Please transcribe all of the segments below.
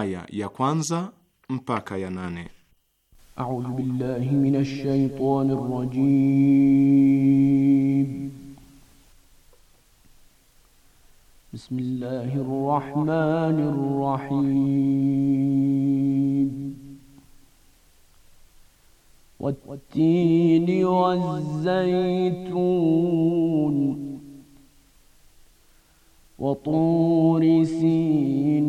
aya ya kwanza mpaka ya nane. A'udhu billahi minash shaitani rrajim. Bismillahir rahmanir rahim. والتين والزيتون وطور سين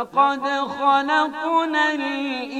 لقد خلقنا الإنسان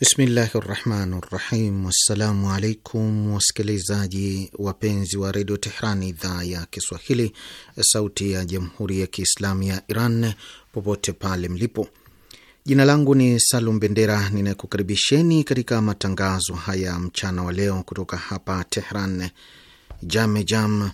Bismillahi rahmani rahim. Wassalamu alaikum wasikilizaji wapenzi wa redio Tehran, idhaa ya Kiswahili, sauti ya jamhuri ya kiislamu ya Iran, popote pale mlipo. Jina langu ni Salum Bendera, ninakukaribisheni katika matangazo haya mchana wa leo kutoka hapa Tehran, Jame Jam,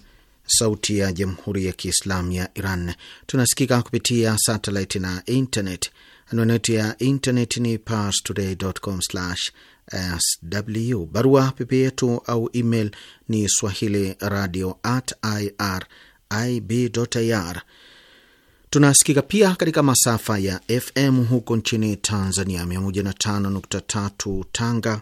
sauti ya jamhuri ya kiislamu ya Iran. Tunasikika kupitia satelit na internet. Anwani yetu ya intaneti ni parstoday.com/sw. Barua pepe yetu au email ni swahili radio at irib.ir. Tunasikika pia katika masafa ya FM huko nchini Tanzania, 105.3 Tanga,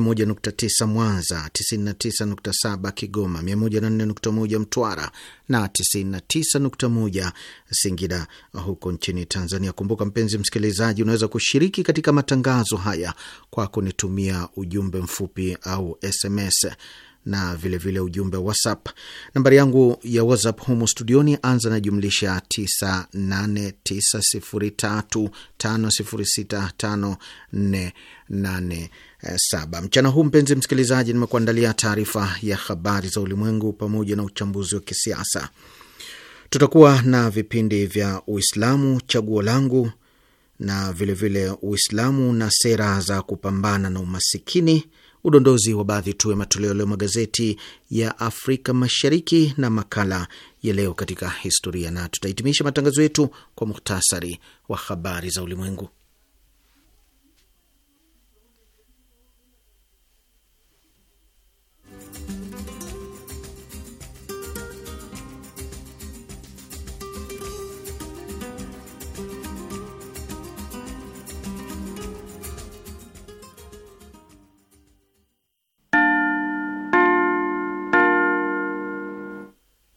101.9 Mwanza, 99.7 Kigoma, 104.1 Mtwara na 99.1 Singida huko nchini Tanzania. Kumbuka mpenzi msikilizaji, unaweza kushiriki katika matangazo haya kwa kunitumia ujumbe mfupi au SMS na vilevile vile ujumbe WhatsApp. Nambari yangu ya WhatsApp humu studioni, anza na jumlisha 989035065487 Eh, saba mchana huu. Mpenzi msikilizaji, nimekuandalia taarifa ya habari za ulimwengu pamoja na uchambuzi wa kisiasa. Tutakuwa na vipindi vya Uislamu chaguo langu na vilevile vile Uislamu na sera za kupambana na umasikini, udondozi wa baadhi tu ya matoleo leo magazeti ya Afrika Mashariki na makala ya leo katika historia, na tutahitimisha matangazo yetu kwa muhtasari wa habari za ulimwengu.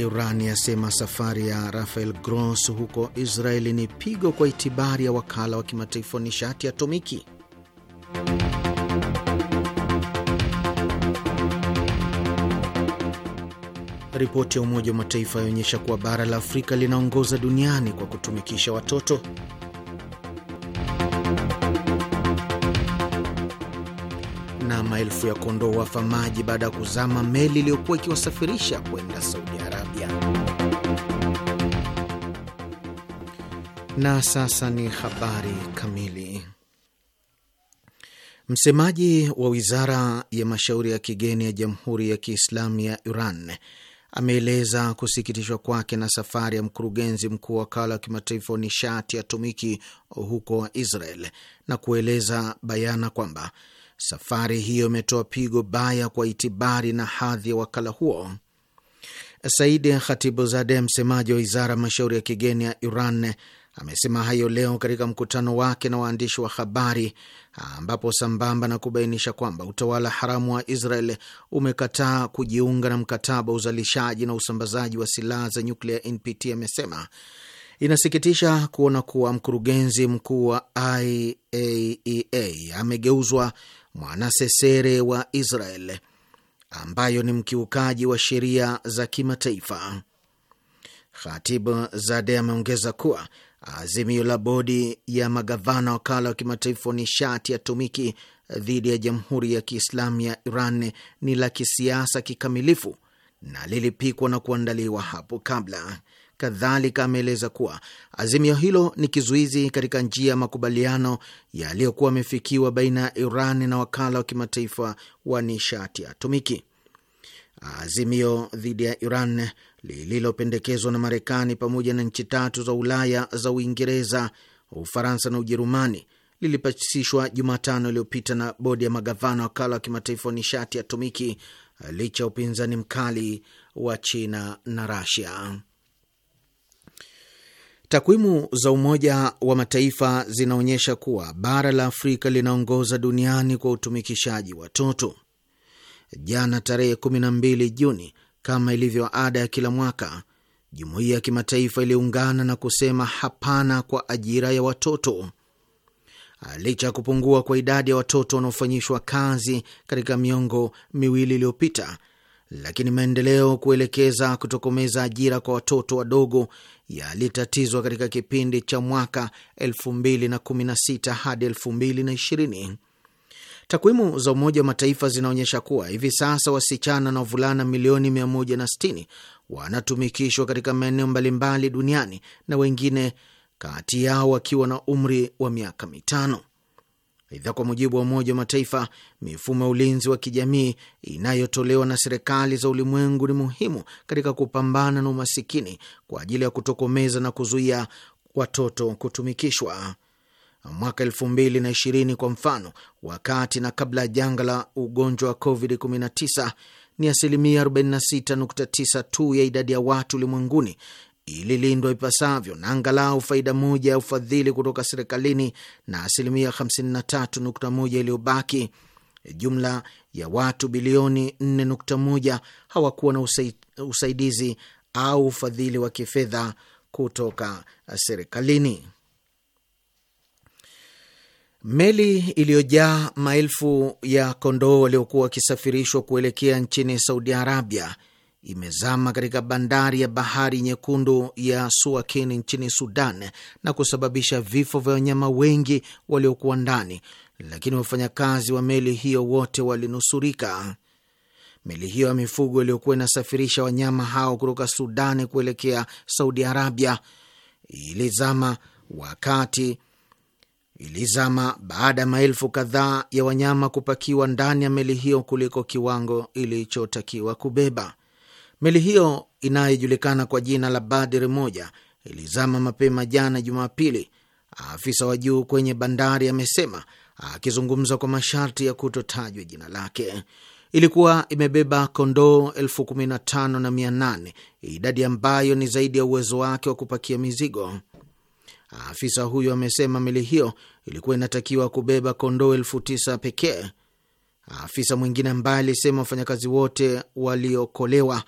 Iran yasema safari ya Rafael Gross huko Israeli ni pigo kwa itibari ya wakala wa kimataifa wa nishati atomiki. Ripoti ya Umoja wa Mataifa yaonyesha kuwa bara la Afrika linaongoza duniani kwa kutumikisha watoto. maelfu ya kondoo wafa maji baada ya kuzama meli iliyokuwa ikiwasafirisha kwenda Saudi Arabia. Na sasa ni habari kamili. Msemaji wa wizara ya mashauri ya kigeni ya Jamhuri ya Kiislamu ya Iran ameeleza kusikitishwa kwake na safari ya mkurugenzi mkuu wa wakala wa kimataifa wa nishati ya atomiki huko Israel na kueleza bayana kwamba Safari hiyo imetoa pigo baya kwa itibari na hadhi ya wakala huo. Saidi zade msemaji wa wizara ya mashauri ya kigeni ya Iran, amesema hayo leo katika mkutano wake na waandishi wa habari, ambapo sambamba na kubainisha kwamba utawala haramu wa Israel umekataa kujiunga na mkataba wa uzalishaji na usambazaji wa silaha za nyuklia NPT, amesema inasikitisha kuona kuwa mkurugenzi mkuu wa IAEA e amegeuzwa mwanasesere wa Israel ambayo ni mkiukaji wa sheria za kimataifa. Khatib Zade ameongeza kuwa azimio la bodi ya magavana wakala wa kimataifa wa nishati ya tumiki dhidi ya Jamhuri ya Kiislamu ya Iran ni la kisiasa kikamilifu na lilipikwa na kuandaliwa hapo kabla. Kadhalika ameeleza kuwa azimio hilo ni kizuizi katika njia ya makubaliano yaliyokuwa amefikiwa baina ya Iran na wakala wa kimataifa wa nishati ya atomiki. Azimio dhidi ya Iran lililopendekezwa na Marekani pamoja na nchi tatu za Ulaya za Uingereza, Ufaransa na Ujerumani lilipasishwa Jumatano iliyopita na bodi ya magavana wakala wa kimataifa wa nishati ya atomiki licha ya upinzani mkali wa China na Rasia. Takwimu za Umoja wa Mataifa zinaonyesha kuwa bara la Afrika linaongoza duniani kwa utumikishaji watoto. Jana tarehe 12 Juni, kama ilivyo ada ya kila mwaka, jumuiya ya kimataifa iliungana na kusema hapana kwa ajira ya watoto. Licha ya kupungua kwa idadi ya watoto wanaofanyishwa kazi katika miongo miwili iliyopita, lakini maendeleo kuelekeza kutokomeza ajira kwa watoto wadogo yalitatizwa katika kipindi cha mwaka 2016 hadi 2020. Takwimu za Umoja wa Mataifa zinaonyesha kuwa hivi sasa wasichana na wavulana milioni 160 wanatumikishwa katika maeneo mbalimbali duniani na wengine kati yao wakiwa na umri wa miaka mitano. Aidha, kwa mujibu wa Umoja wa Mataifa, mifumo ya ulinzi wa kijamii inayotolewa na serikali za ulimwengu ni muhimu katika kupambana na umasikini kwa ajili ya kutokomeza na kuzuia watoto kutumikishwa. Mwaka elfu mbili na ishirini kwa mfano, wakati na kabla ya janga la ugonjwa wa COVID-19, ni asilimia 46.9 tu ya idadi ya watu ulimwenguni ililindwa ipasavyo na angalau faida moja ya ufadhili kutoka serikalini na asilimia 53.1 iliyobaki, jumla ya watu bilioni 4.1 hawakuwa na usaidizi au ufadhili wa kifedha kutoka serikalini. Meli iliyojaa maelfu ya kondoo waliokuwa wakisafirishwa kuelekea nchini Saudi Arabia imezama katika bandari ya bahari nyekundu ya Suakin nchini Sudan na kusababisha vifo vya wanyama wengi waliokuwa ndani, lakini wafanyakazi wa meli hiyo wote walinusurika. Meli hiyo ya mifugo iliyokuwa inasafirisha wanyama hao kutoka Sudani kuelekea Saudi Arabia ilizama wakati ilizama baada ya maelfu kadhaa ya wanyama kupakiwa ndani ya meli hiyo kuliko kiwango ilichotakiwa kubeba. Meli hiyo inayojulikana kwa jina la Badr moja ilizama mapema jana Jumapili, afisa wa juu kwenye bandari amesema, akizungumza kwa masharti ya kutotajwa jina lake. Ilikuwa imebeba kondoo elfu kumi na tano na mia nane, idadi ambayo ni zaidi ya uwezo wake wa kupakia mizigo. Afisa huyo amesema meli hiyo ilikuwa inatakiwa kubeba kondoo elfu tisa pekee. Afisa mwingine ambaye alisema wafanyakazi wote waliokolewa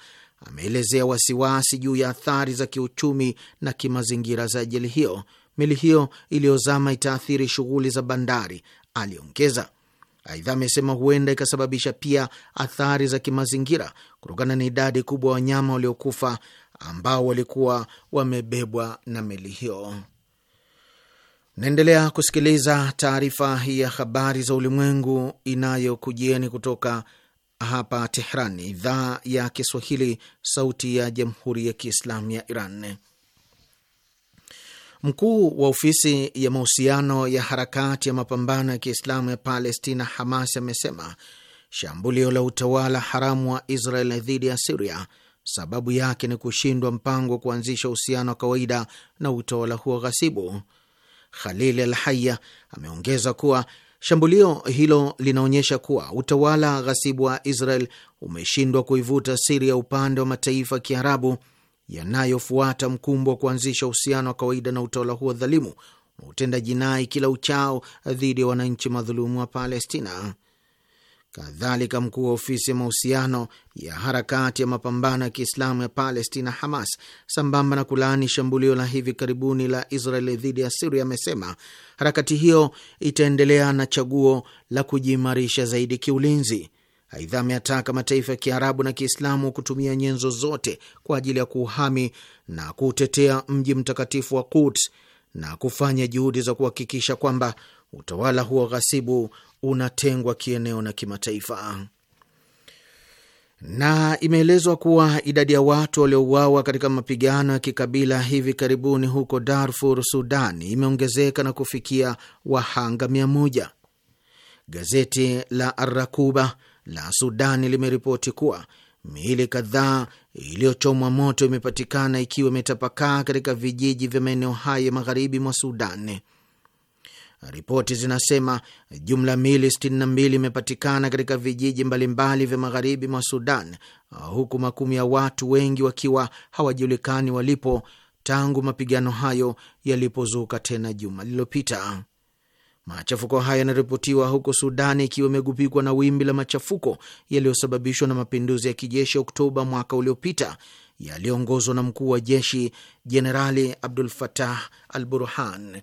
ameelezea wasiwasi juu ya athari za kiuchumi na kimazingira za ajali hiyo. Meli hiyo iliyozama itaathiri shughuli za bandari, aliongeza. Aidha, amesema huenda ikasababisha pia athari za kimazingira kutokana na idadi kubwa ya wanyama waliokufa ambao walikuwa wamebebwa na meli hiyo. Naendelea kusikiliza taarifa hii ya habari za ulimwengu inayokujieni kutoka hapa Tehran, idhaa ya Kiswahili, sauti ya jamhuri ya kiislamu ya Iran. Mkuu wa ofisi ya mahusiano ya harakati ya mapambano ya kiislamu ya Palestina, Hamas, amesema shambulio la utawala haramu wa Israel dhidi ya Siria sababu yake ni kushindwa mpango wa kuanzisha uhusiano wa kawaida na utawala huo ghasibu. Khalil Al Haya ameongeza kuwa shambulio hilo linaonyesha kuwa utawala ghasibu wa Israel umeshindwa kuivuta Siria upande wa mataifa ya Kiarabu yanayofuata mkumbo wa kuanzisha uhusiano wa kawaida na utawala huo dhalimu unaotenda jinai kila uchao dhidi ya wananchi madhulumu wa Palestina. Kadhalika, mkuu wa ofisi ya mahusiano ya harakati ya mapambano ya Kiislamu ya Palestina, Hamas, sambamba na kulaani shambulio la hivi karibuni la Israeli dhidi ya Siria, amesema harakati hiyo itaendelea na chaguo la kujiimarisha zaidi kiulinzi. Aidha, ameataka mataifa ya Kiarabu na Kiislamu kutumia nyenzo zote kwa ajili ya kuuhami na kuutetea mji mtakatifu wa Quds na kufanya juhudi za kuhakikisha kwamba utawala huo ghasibu unatengwa kieneo na kimataifa. Na imeelezwa kuwa idadi ya watu waliouawa katika mapigano ya kikabila hivi karibuni huko Darfur, Sudan, imeongezeka na kufikia wahanga mia moja. Gazeti la arakuba la Sudani limeripoti kuwa miili kadhaa iliyochomwa moto imepatikana ikiwa imetapakaa katika vijiji vya maeneo haya magharibi mwa sudani Ripoti zinasema jumla mili 62 imepatikana katika vijiji mbalimbali vya magharibi mwa Sudan, huku makumi ya watu wengi wakiwa hawajulikani walipo tangu mapigano hayo yalipozuka tena juma lililopita. Machafuko haya yanaripotiwa huko Sudani ikiwa imegubikwa na wimbi la machafuko yaliyosababishwa na mapinduzi ya kijeshi Oktoba mwaka uliopita yaliyoongozwa na mkuu wa jeshi Jenerali Abdul Fatah al Burhan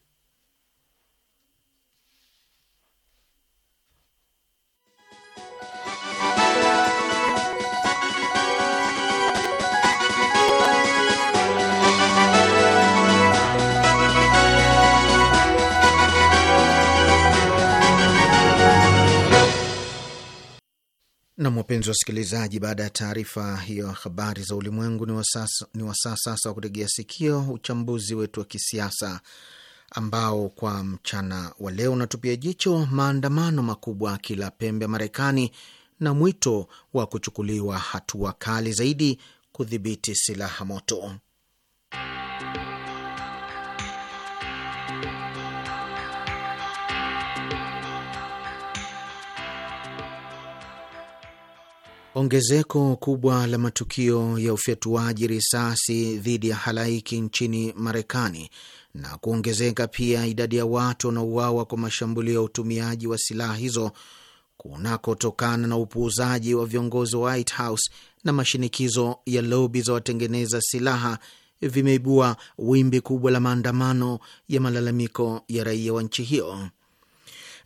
Nam, wapenzi wasikilizaji, baada ya taarifa hiyo habari za ulimwengu, ni wasaa sasa wa kutegea sikio uchambuzi wetu wa kisiasa ambao kwa mchana wa leo unatupia jicho maandamano makubwa kila pembe ya Marekani na mwito wa kuchukuliwa hatua kali zaidi kudhibiti silaha moto. Ongezeko kubwa la matukio ya ufyatuaji risasi dhidi ya halaiki nchini Marekani na kuongezeka pia idadi ya watu wanaouawa kwa mashambulio ya utumiaji wa silaha hizo kunakotokana na upuuzaji wa viongozi wa White House na mashinikizo ya lobi za watengeneza silaha vimeibua wimbi kubwa la maandamano ya malalamiko ya raia wa nchi hiyo.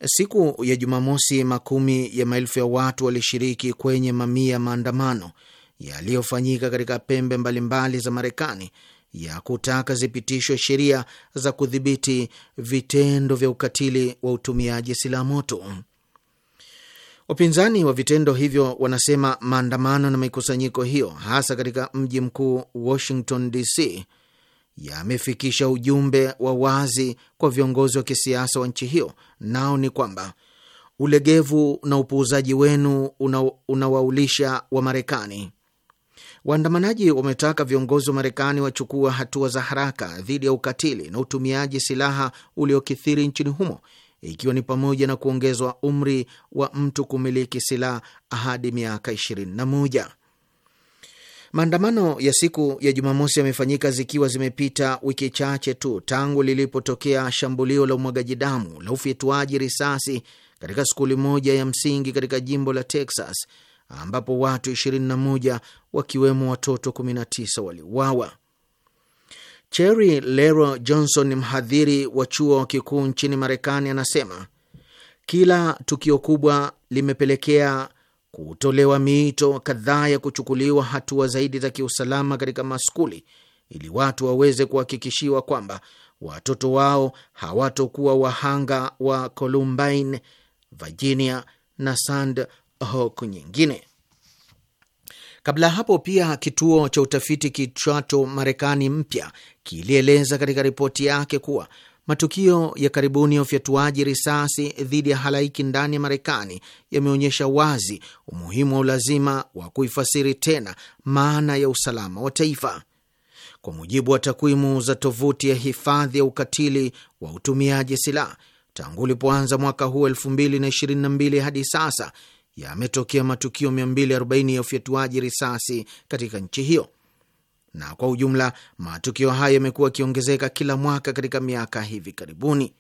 Siku ya Jumamosi, makumi ya maelfu ya watu walishiriki kwenye mamia ya maandamano yaliyofanyika katika pembe mbalimbali za Marekani ya kutaka zipitishwe sheria za kudhibiti vitendo vya ukatili wa utumiaji silaha moto. Wapinzani wa vitendo hivyo wanasema maandamano na mikusanyiko hiyo, hasa katika mji mkuu Washington DC, yamefikisha ujumbe wa wazi kwa viongozi wa kisiasa wa nchi hiyo, nao ni kwamba ulegevu na upuuzaji wenu unawaulisha una marekani Waandamanaji wametaka viongozi wa Marekani wachukua hatua za haraka dhidi ya ukatili na utumiaji silaha uliokithiri nchini humo, ikiwa ni pamoja na kuongezwa umri wa mtu kumiliki silaha hadi miaka 21. Maandamano ya siku ya Jumamosi yamefanyika zikiwa zimepita wiki chache tu tangu lilipotokea shambulio la umwagaji damu la ufyatuaji risasi katika skuli moja ya msingi katika jimbo la Texas ambapo watu 21 wakiwemo watoto 19 waliuawa. Cherry Lero Johnson, mhadhiri wa chuo kikuu nchini Marekani, anasema kila tukio kubwa limepelekea kutolewa miito kadhaa ya kuchukuliwa hatua zaidi za kiusalama katika maskuli ili watu waweze kuhakikishiwa kwamba watoto wao hawatokuwa wahanga wa Columbine, Virginia na Sandy nyingine. Kabla ya hapo pia, kituo cha utafiti kichwacho Marekani Mpya kilieleza katika ripoti yake kuwa Matukio ya karibuni ya ufyatuaji risasi dhidi ya halaiki ndani ya Marekani yameonyesha wazi umuhimu wa ulazima wa kuifasiri tena maana ya usalama wa taifa. Kwa mujibu wa takwimu za tovuti ya hifadhi ya ukatili wa utumiaji silaha, tangu ulipoanza mwaka huu 2022 hadi sasa yametokea matukio 240 ya ufyatuaji risasi katika nchi hiyo na kwa ujumla matukio hayo yamekuwa yakiongezeka kila mwaka katika miaka hivi karibuni.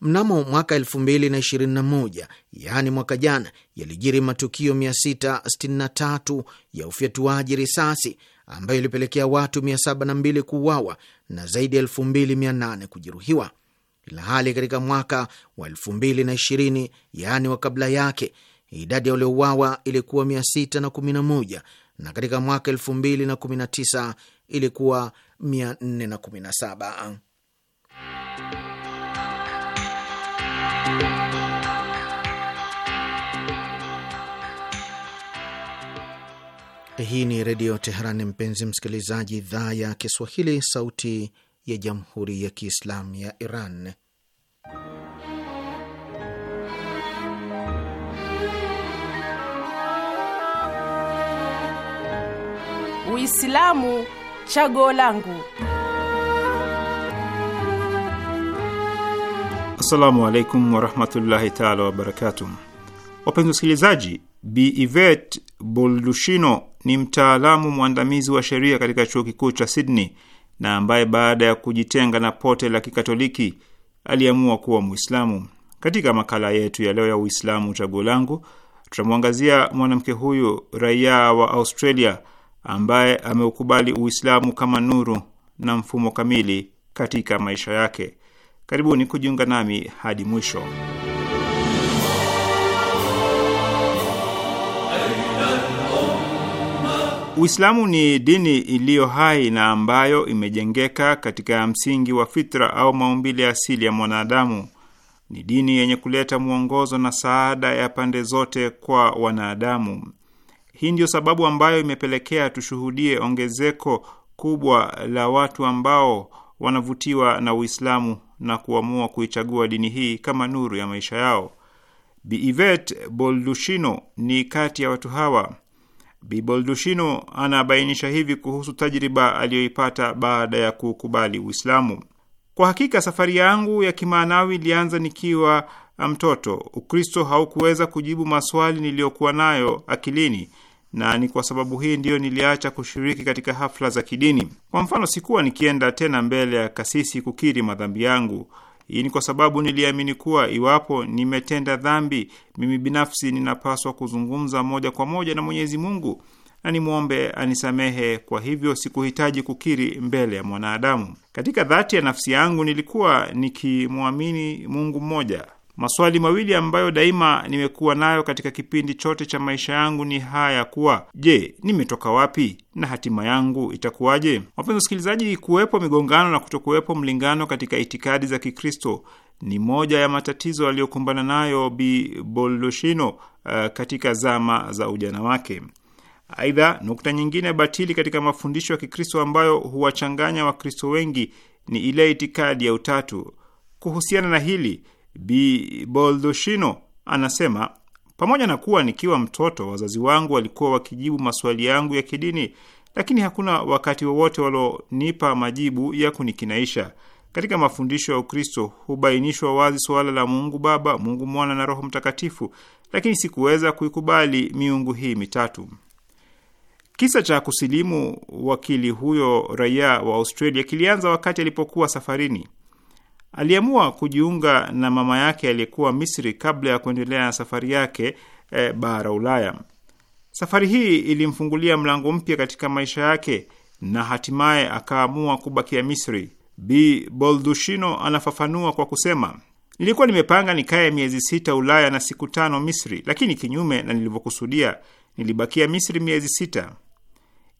Mnamo mwaka 2021 yaani mwaka jana, yalijiri matukio 663 ya ufyatuaji risasi ambayo ilipelekea watu 702 kuuawa na zaidi ya 2800 kujeruhiwa, ila hali katika mwaka wa 2020 yaani wa kabla yake idadi ya waliouawa ilikuwa 611 na katika mwaka 2019 ilikuwa 417. Hii ni Redio Teheran, mpenzi msikilizaji, idhaa ya Kiswahili, sauti ya Jamhuri ya Kiislamu ya Iran. Uislamu chago langu. Assalamu alaikum warahmatullahi taala wabarakatuh. Wapenzi wasikilizaji, Bi Ivet Boldushino ni mtaalamu mwandamizi wa sheria katika chuo kikuu cha Sydney na ambaye baada ya kujitenga na pote la Kikatoliki aliamua kuwa Mwislamu. Katika makala yetu ya leo ya Uislamu chaguo langu, tutamwangazia mwanamke huyu raia wa Australia ambaye ameukubali Uislamu kama nuru na mfumo kamili katika maisha yake. Karibuni kujiunga nami hadi mwisho. Uislamu ni dini iliyo hai na ambayo imejengeka katika msingi wa fitra au maumbile asili ya mwanadamu. Ni dini yenye kuleta mwongozo na saada ya pande zote kwa wanadamu. Hii ndiyo sababu ambayo imepelekea tushuhudie ongezeko kubwa la watu ambao wanavutiwa na Uislamu na kuamua kuichagua dini hii kama nuru ya maisha yao. Bi Ivet Boldushino ni kati ya watu hawa. Bi Boldushino anabainisha hivi kuhusu tajriba aliyoipata baada ya kukubali Uislamu. Kwa hakika safari yangu ya kimaanawi ilianza nikiwa mtoto. Ukristo haukuweza kujibu maswali niliyokuwa nayo akilini na ni kwa sababu hii ndiyo niliacha kushiriki katika hafla za kidini. Kwa mfano, sikuwa nikienda tena mbele ya kasisi kukiri madhambi yangu. Hii ni kwa sababu niliamini kuwa iwapo nimetenda dhambi, mimi binafsi ninapaswa kuzungumza moja kwa moja na Mwenyezi Mungu na nimwombe anisamehe. Kwa hivyo sikuhitaji kukiri mbele ya mwanadamu. Katika dhati ya nafsi yangu nilikuwa nikimwamini Mungu mmoja. Maswali mawili ambayo daima nimekuwa nayo katika kipindi chote cha maisha yangu ni haya ya kuwa, je, nimetoka wapi na hatima yangu itakuwaje? Wapenzi wasikilizaji, kuwepo migongano na kutokuwepo mlingano katika itikadi za Kikristo ni moja ya matatizo aliyokumbana nayo Bi Boloshino uh, eh, katika zama za ujana wake. Aidha, nukta nyingine batili katika mafundisho ya Kikristo ambayo huwachanganya Wakristo wengi ni ile itikadi ya utatu. Kuhusiana na hili Biboldoshino anasema pamoja na kuwa nikiwa mtoto wazazi wangu walikuwa wakijibu maswali yangu ya kidini, lakini hakuna wakati wowote walionipa majibu ya kunikinaisha. Katika mafundisho ya Ukristo hubainishwa wazi suala la Mungu Baba, Mungu Mwana na Roho Mtakatifu, lakini sikuweza kuikubali miungu hii mitatu. Kisa cha kusilimu wakili huyo raia wa Australia kilianza wakati alipokuwa safarini aliamua kujiunga na mama yake aliyekuwa Misri kabla ya kuendelea na safari yake e, bara Ulaya. Safari hii ilimfungulia mlango mpya katika maisha yake na hatimaye akaamua kubakia Misri. B Boldushino anafafanua kwa kusema, nilikuwa nimepanga nikae miezi sita Ulaya na siku tano Misri, lakini kinyume na nilivyokusudia, nilibakia Misri miezi sita.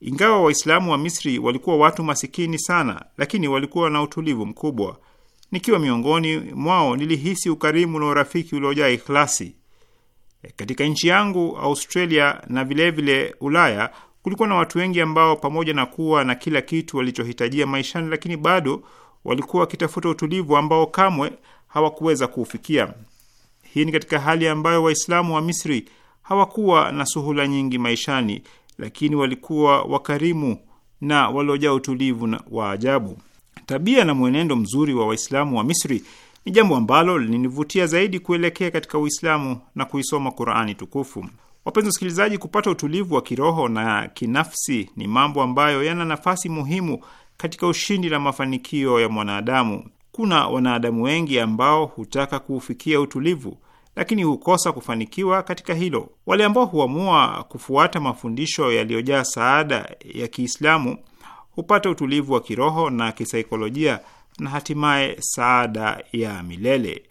Ingawa Waislamu wa Misri walikuwa watu masikini sana, lakini walikuwa na utulivu mkubwa. Nikiwa miongoni mwao nilihisi ukarimu na urafiki uliojaa ikhlasi. Katika nchi yangu Australia na vilevile vile Ulaya kulikuwa na watu wengi ambao pamoja na kuwa na kila kitu walichohitajia maishani, lakini bado walikuwa wakitafuta utulivu ambao kamwe hawakuweza kuufikia. Hii ni katika hali ambayo Waislamu wa Misri hawakuwa na suhula nyingi maishani, lakini walikuwa wakarimu na waliojaa utulivu wa ajabu. Tabia na mwenendo mzuri wa Waislamu wa Misri ni jambo ambalo linivutia zaidi kuelekea katika Uislamu na kuisoma Qurani tukufu. Wapenzi wasikilizaji, kupata utulivu wa kiroho na kinafsi ni mambo ambayo yana nafasi muhimu katika ushindi na mafanikio ya mwanadamu. Kuna wanadamu wengi ambao hutaka kuufikia utulivu lakini hukosa kufanikiwa katika hilo. Wale ambao huamua kufuata mafundisho yaliyojaa saada ya Kiislamu hupata utulivu wa kiroho na kisaikolojia na hatimaye saada ya milele.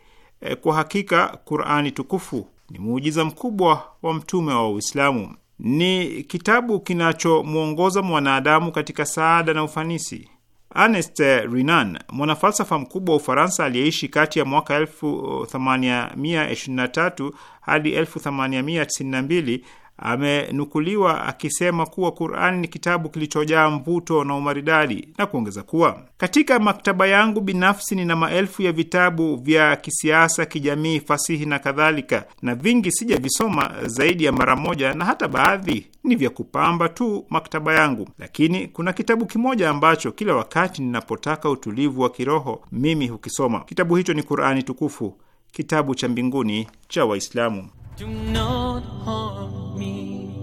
E, kwa hakika Qurani tukufu ni muujiza mkubwa wa mtume wa Uislamu. Ni kitabu kinachomwongoza mwanadamu katika saada na ufanisi. Ernest Renan, mwanafalsafa mkubwa wa Ufaransa aliyeishi kati ya mwaka 1823 eh, hadi 1892, amenukuliwa akisema kuwa Qurani ni kitabu kilichojaa mvuto na umaridadi na kuongeza kuwa katika maktaba yangu binafsi nina maelfu ya vitabu vya kisiasa, kijamii, fasihi na kadhalika, na vingi sijavisoma zaidi ya mara moja, na hata baadhi ni vya kupamba tu maktaba yangu. Lakini kuna kitabu kimoja ambacho kila wakati ninapotaka utulivu wa kiroho mimi hukisoma. Kitabu hicho ni Qurani tukufu, kitabu cha mbinguni cha Waislamu. Do not harm me.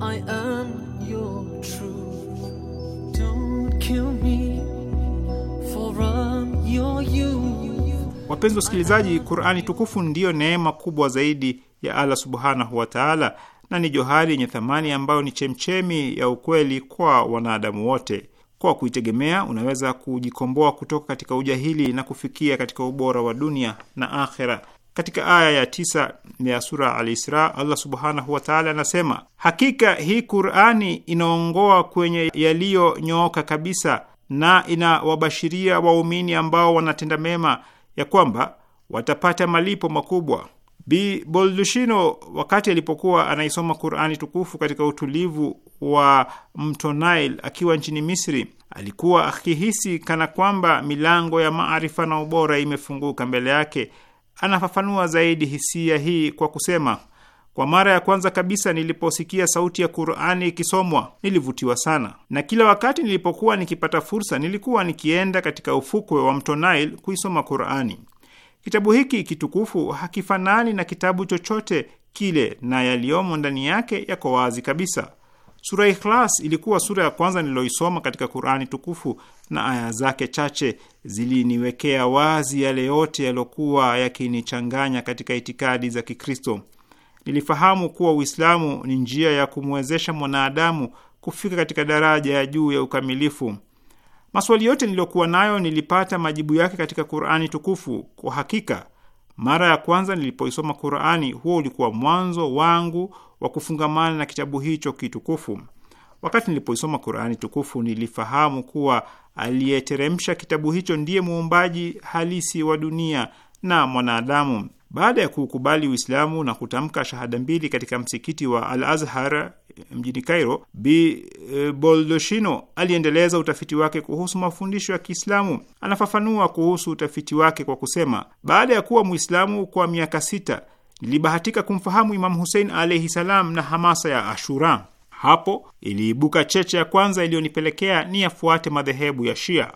I am your truth. Don't kill me, for I'm your youth. Wapenzi wasikilizaji, Qur'ani tukufu ndiyo neema kubwa zaidi ya Allah Subhanahu wa Ta'ala na ni johari yenye thamani ambayo ni chemchemi ya ukweli kwa wanadamu wote. Kwa kuitegemea unaweza kujikomboa kutoka katika ujahili na kufikia katika ubora wa dunia na akhera. Katika aya ya tisa ya sura Al-Isra, Allah subhanahu wataala anasema, hakika hii Qurani inaongoa kwenye yaliyonyooka kabisa na inawabashiria waumini ambao wanatenda mema ya kwamba watapata malipo makubwa. Bi Boldushino wakati alipokuwa anaisoma Qurani tukufu katika utulivu wa mto Nile akiwa nchini Misri, alikuwa akihisi kana kwamba milango ya maarifa na ubora imefunguka mbele yake anafafanua zaidi hisia hii kwa kusema, kwa mara ya kwanza kabisa niliposikia sauti ya Qur'ani ikisomwa nilivutiwa sana, na kila wakati nilipokuwa nikipata fursa nilikuwa nikienda katika ufukwe wa mto Nile kuisoma Qur'ani. Kitabu hiki kitukufu hakifanani na kitabu chochote kile, na yaliyomo ndani yake yako wazi kabisa. Sura Ikhlas ilikuwa sura ya kwanza niliyoisoma katika Qurani tukufu na aya zake chache ziliniwekea wazi yale yote yaliyokuwa yakinichanganya katika itikadi za Kikristo. Nilifahamu kuwa Uislamu ni njia ya kumwezesha mwanadamu kufika katika daraja ya juu ya ukamilifu. Maswali yote niliyokuwa nayo nilipata majibu yake katika Qurani tukufu. Kwa hakika, mara ya kwanza nilipoisoma Qurani, huo ulikuwa mwanzo wangu wa kufungamana na kitabu hicho kitukufu. Wakati nilipoisoma Qurani tukufu, nilifahamu kuwa aliyeteremsha kitabu hicho ndiye muumbaji halisi wa dunia na mwanadamu. Baada ya kuukubali Uislamu na kutamka shahada mbili katika msikiti wa Al Azhar eh, mjini Cairo, e, eh, Boldoshino aliendeleza utafiti wake kuhusu mafundisho ya Kiislamu. Anafafanua kuhusu utafiti wake kwa kusema, baada ya kuwa Mwislamu kwa miaka sita ilibahatika kumfahamu Imamu Husein alaihi salam na hamasa ya Ashura. Hapo iliibuka cheche ya kwanza iliyonipelekea ni yafuate madhehebu ya Shia.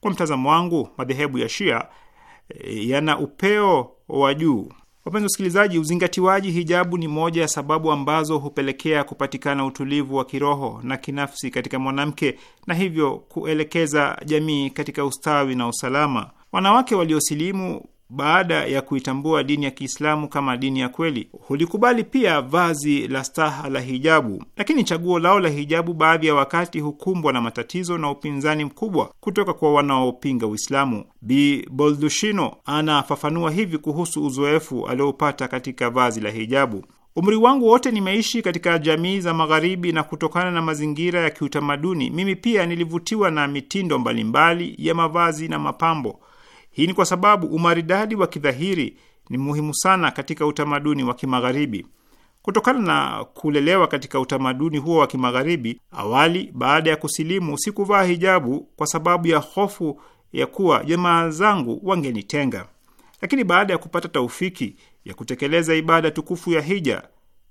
Kwa mtazamo wangu, madhehebu ya Shia eh, yana upeo wa juu. Wapenzi wasikilizaji, uzingatiwaji hijabu ni moja ya sababu ambazo hupelekea kupatikana utulivu wa kiroho na kinafsi katika mwanamke na hivyo kuelekeza jamii katika ustawi na usalama. Wanawake waliosilimu baada ya kuitambua dini ya Kiislamu kama dini ya kweli, hulikubali pia vazi la staha la hijabu. Lakini chaguo lao la hijabu baadhi ya wakati hukumbwa na matatizo na upinzani mkubwa kutoka kwa wanaopinga Uislamu. Bi Boldushino anafafanua hivi kuhusu uzoefu aliopata katika vazi la hijabu. Umri wangu wote nimeishi katika jamii za Magharibi, na kutokana na mazingira ya kiutamaduni, mimi pia nilivutiwa na mitindo mbalimbali ya mavazi na mapambo hii ni kwa sababu umaridadi wa kidhahiri ni muhimu sana katika utamaduni wa Kimagharibi. Kutokana na kulelewa katika utamaduni huo wa Kimagharibi, awali baada ya kusilimu sikuvaa hijabu kwa sababu ya hofu ya kuwa jamaa zangu wangenitenga, lakini baada ya kupata taufiki ya kutekeleza ibada tukufu ya hija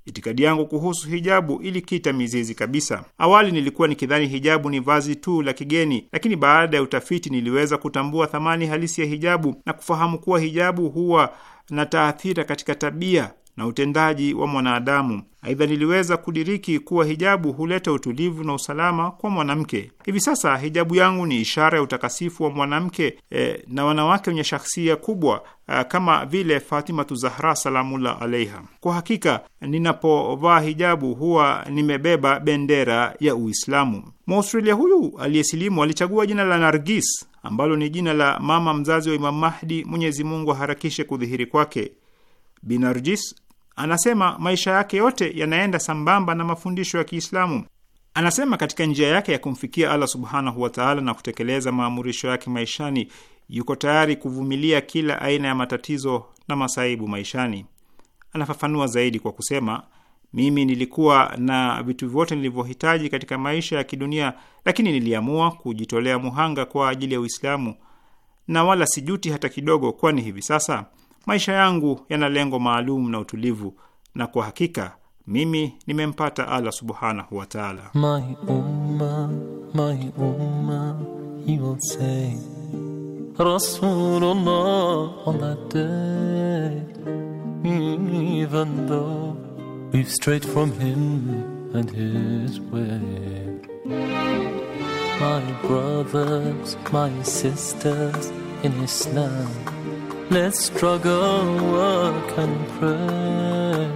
itikadi yangu kuhusu hijabu ilikita mizizi kabisa. Awali nilikuwa nikidhani hijabu ni vazi tu la kigeni, lakini baada ya utafiti niliweza kutambua thamani halisi ya hijabu na kufahamu kuwa hijabu huwa na taathira katika tabia, na utendaji wa mwanadamu. Aidha, niliweza kudiriki kuwa hijabu huleta utulivu na usalama kwa mwanamke. Hivi sasa hijabu yangu ni ishara ya utakasifu wa mwanamke e, na wanawake wenye shakhsia kubwa a, e, kama vile Fatimatu Zahra salamullah alaiha. Kwa hakika ninapovaa hijabu huwa nimebeba bendera ya Uislamu. Mwaustralia huyu aliyesilimu alichagua jina la Nargis ambalo ni jina la mama mzazi wa Imam Mahdi, Mwenyezi Mungu aharakishe kudhihiri kwake. Binarjis Anasema maisha yake yote yanaenda sambamba na mafundisho ya Kiislamu. Anasema katika njia yake ya kumfikia Allah subhanahu wataala na kutekeleza maamurisho yake maishani, yuko tayari kuvumilia kila aina ya matatizo na masaibu maishani. Anafafanua zaidi kwa kusema, mimi nilikuwa na vitu vyote nilivyohitaji katika maisha ya kidunia, lakini niliamua kujitolea muhanga kwa ajili ya Uislamu na wala sijuti hata kidogo, kwani hivi sasa Maisha yangu yana lengo maalum na utulivu, na kwa hakika mimi nimempata Allah subhanahu wa taala. My brothers, my sisters in Islam Let's struggle, work and pray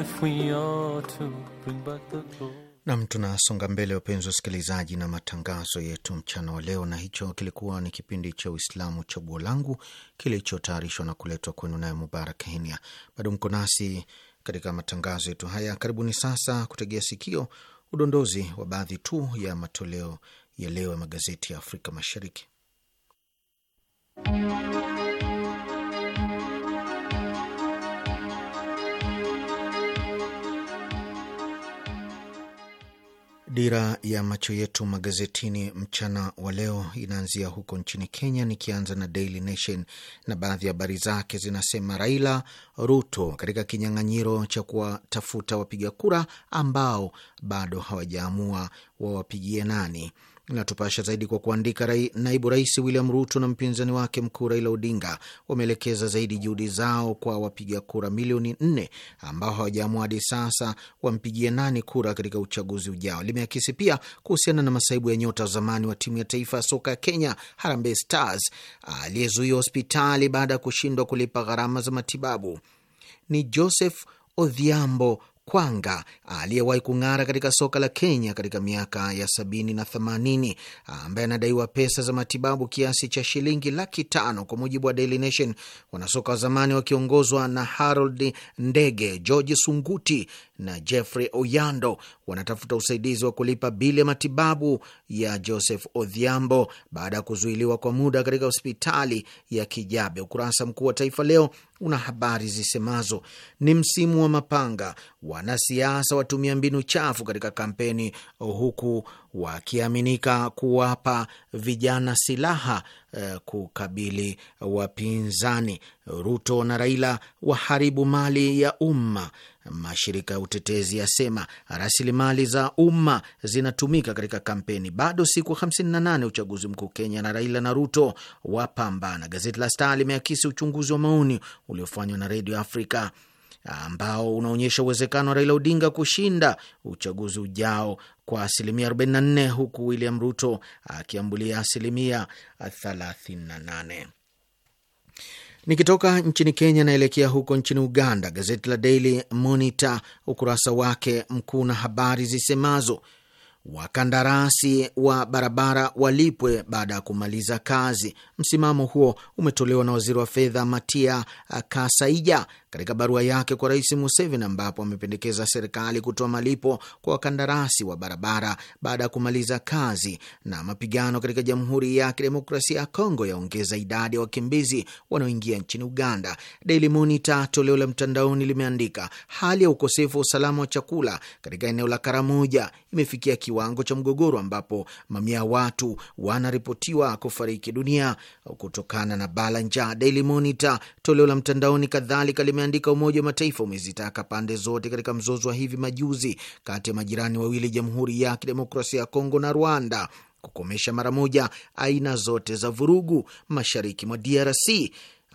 if we are to bring back the glory. Nam, tunasonga mbele wapenzi wasikilizaji, na matangazo yetu mchana wa leo, na hicho kilikuwa ni kipindi cha Uislamu chaguo langu kilichotayarishwa na kuletwa kwenu naye Mubarak Henia. Bado mko nasi katika matangazo yetu haya. Karibuni sasa kutegea sikio udondozi wa baadhi tu ya matoleo ya leo ya magazeti ya Afrika Mashariki. Dira ya macho yetu magazetini mchana wa leo inaanzia huko nchini Kenya, nikianza na Daily Nation na baadhi ya habari zake zinasema: Raila Ruto katika kinyang'anyiro cha kuwatafuta wapiga kura ambao bado hawajaamua wawapigie nani. Natupasha zaidi kwa kuandika rai, naibu rais William Ruto na mpinzani wake mkuu Raila Odinga wameelekeza zaidi juhudi zao kwa wapiga kura milioni nne ambao hawajaamua hadi sasa wampigie nani kura katika uchaguzi ujao. Limeakisi pia kuhusiana na masaibu ya nyota wa zamani wa timu ya taifa ya soka ya Kenya Harambee Stars aliyezuiwa hospitali baada ya kushindwa kulipa gharama za matibabu. Ni Joseph Odhiambo Kwanga aliyewahi kung'ara katika soka la Kenya katika miaka ya sabini na themanini ambaye anadaiwa pesa za matibabu kiasi cha shilingi laki tano kwa mujibu wa Daily Nation. Wanasoka wa zamani wakiongozwa na Harold Ndege, George Sunguti na Jeffrey Oyando wanatafuta usaidizi wa kulipa bili ya matibabu ya Joseph Odhiambo baada ya kuzuiliwa kwa muda katika hospitali ya Kijabe. Ukurasa mkuu wa Taifa Leo una habari zisemazo ni msimu wa mapanga, wanasiasa watumia mbinu chafu katika kampeni, huku wakiaminika kuwapa vijana silaha eh, kukabili wapinzani. Ruto na Raila waharibu mali ya umma. Mashirika ya utetezi yasema rasilimali za umma zinatumika katika kampeni. Bado siku 58 uchaguzi mkuu Kenya, na Raila na Ruto wapambana. Gazeti la Star limeakisi uchunguzi wa maoni uliofanywa na Redio Afrika ambao unaonyesha uwezekano wa Raila Odinga kushinda uchaguzi ujao kwa asilimia 44 huku William Ruto akiambulia asilimia 38. Nikitoka nchini Kenya naelekea huko nchini Uganda. Gazeti la Daily Monitor ukurasa wake mkuu na habari zisemazo wakandarasi wa barabara walipwe baada ya kumaliza kazi. Msimamo huo umetolewa na waziri wa fedha Matia Kasaija katika barua yake kwa Rais Museveni, ambapo amependekeza serikali kutoa malipo kwa wakandarasi wa barabara baada ya kumaliza kazi. Na mapigano katika Jamhuri ya Kidemokrasia ya Kongo yaongeza idadi ya wakimbizi wanaoingia nchini Uganda. Daily Monitor toleo la mtandaoni limeandika hali ya ukosefu wa usalama wa chakula katika eneo la Karamoja imefikia kiwango cha mgogoro, ambapo mamia ya watu wanaripotiwa kufariki dunia kutokana na bala njaa. Daily Monitor toleo la mtandaoni kadhalika lime umeandika Umoja wa Mataifa umezitaka pande zote katika mzozo wa hivi majuzi kati ya majirani wawili, Jamhuri ya Kidemokrasia ya Kongo na Rwanda, kukomesha mara moja aina zote za vurugu mashariki mwa DRC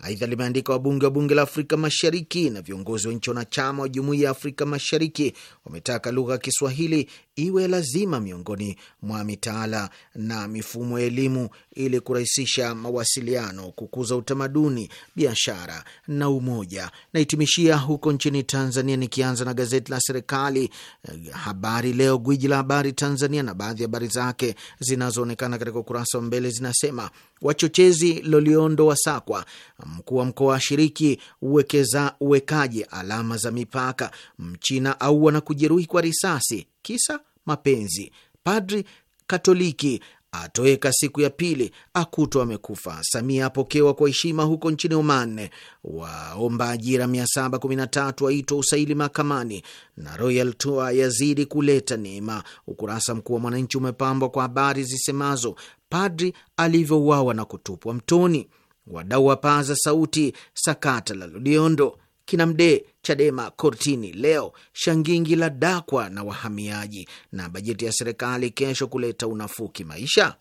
Aidha, limeandika wabunge wa bunge la Afrika Mashariki na viongozi wa nchi wanachama wa jumuiya ya Afrika Mashariki wametaka lugha ya Kiswahili iwe lazima miongoni mwa mitaala na mifumo ya elimu ili kurahisisha mawasiliano, kukuza utamaduni, biashara na umoja. Naitimishia huko nchini Tanzania, nikianza na gazeti la serikali eh, Habari Leo, gwiji la habari Tanzania, na baadhi ya habari zake zinazoonekana katika ukurasa wa mbele zinasema wachochezi Loliondo sakwa mkuu wa mkoa shiriki uwekeza uwekaji alama za mipaka, Mchina aua na kujeruhi kwa risasi, kisa mapenzi, padri Katoliki atoweka siku ya pili, akutwa amekufa. Samia apokewa kwa heshima huko nchini Oman. Waomba ajira 713 waitwa usaili mahakamani, na Royal Tour yazidi kuleta neema. Ukurasa mkuu wa Mwananchi umepambwa kwa habari zisemazo padri alivyouawa na kutupwa mtoni, wadau wapaza sauti sakata la Loliondo kina Mdee, Chadema kortini leo, shangingi la dakwa na wahamiaji, na bajeti ya serikali kesho kuleta unafuu kimaisha.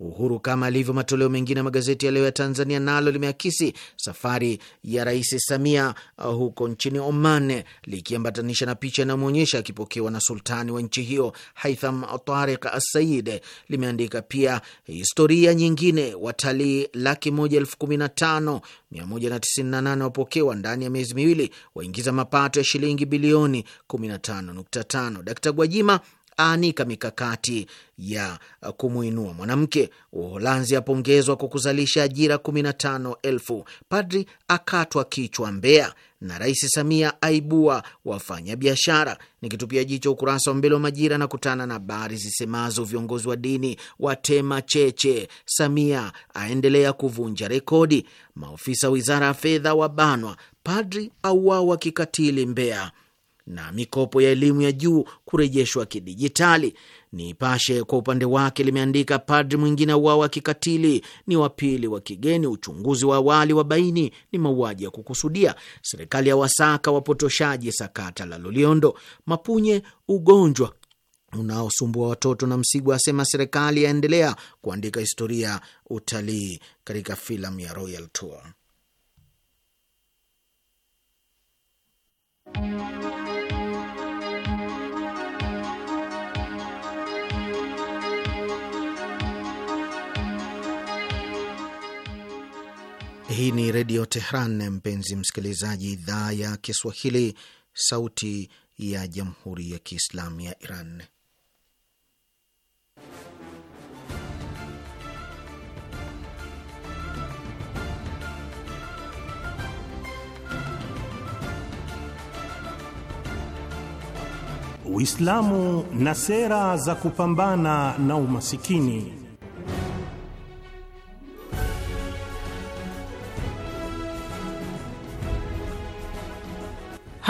Uhuru, kama alivyo matoleo mengine ya magazeti ya leo ya Tanzania, nalo limeakisi safari ya Rais Samia uh, huko nchini Oman, likiambatanisha na picha inayomwonyesha akipokewa na sultani wa nchi hiyo Haitham Tariq Assaid. Limeandika pia historia nyingine, watalii laki moja elfu kumi na tano mia moja na tisini na nane wapokewa ndani ya miezi miwili, waingiza mapato ya shilingi bilioni 15.5. Dkt Gwajima aanika mikakati ya kumwinua mwanamke. Uholanzi apongezwa kwa kuzalisha ajira 15,000. Padri akatwa kichwa Mbeya na Rais Samia aibua wafanya biashara. Nikitupia jicho ukurasa wa mbele wa Majira na kutana na habari zisemazo viongozi wa dini watema cheche, Samia aendelea kuvunja rekodi, maofisa wizara ya fedha wabanwa, padri auawa kikatili Mbeya, na mikopo ya elimu ya juu kurejeshwa kidijitali. Nipashe kwa upande wake limeandika padri mwingine auawa kikatili, ni wapili wa kigeni, uchunguzi wa awali wa baini ni mauaji ya kukusudia, serikali ya wasaka wapotoshaji sakata la Loliondo, Mapunye ugonjwa unaosumbua watoto na Msigwa asema serikali yaendelea kuandika historia utalii katika filamu ya Royal Tour. Hii ni Redio Tehran, mpenzi msikilizaji, idhaa ya Kiswahili, sauti ya Jamhuri ya Kiislamu ya Iran. Uislamu na sera za kupambana na umasikini.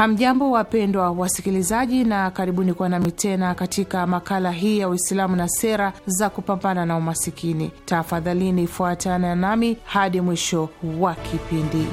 Hamjambo, wapendwa wasikilizaji, na karibuni kuwa nami tena katika makala hii ya Uislamu na sera za kupambana na umasikini. Tafadhalini fuatana nami hadi mwisho wa kipindi.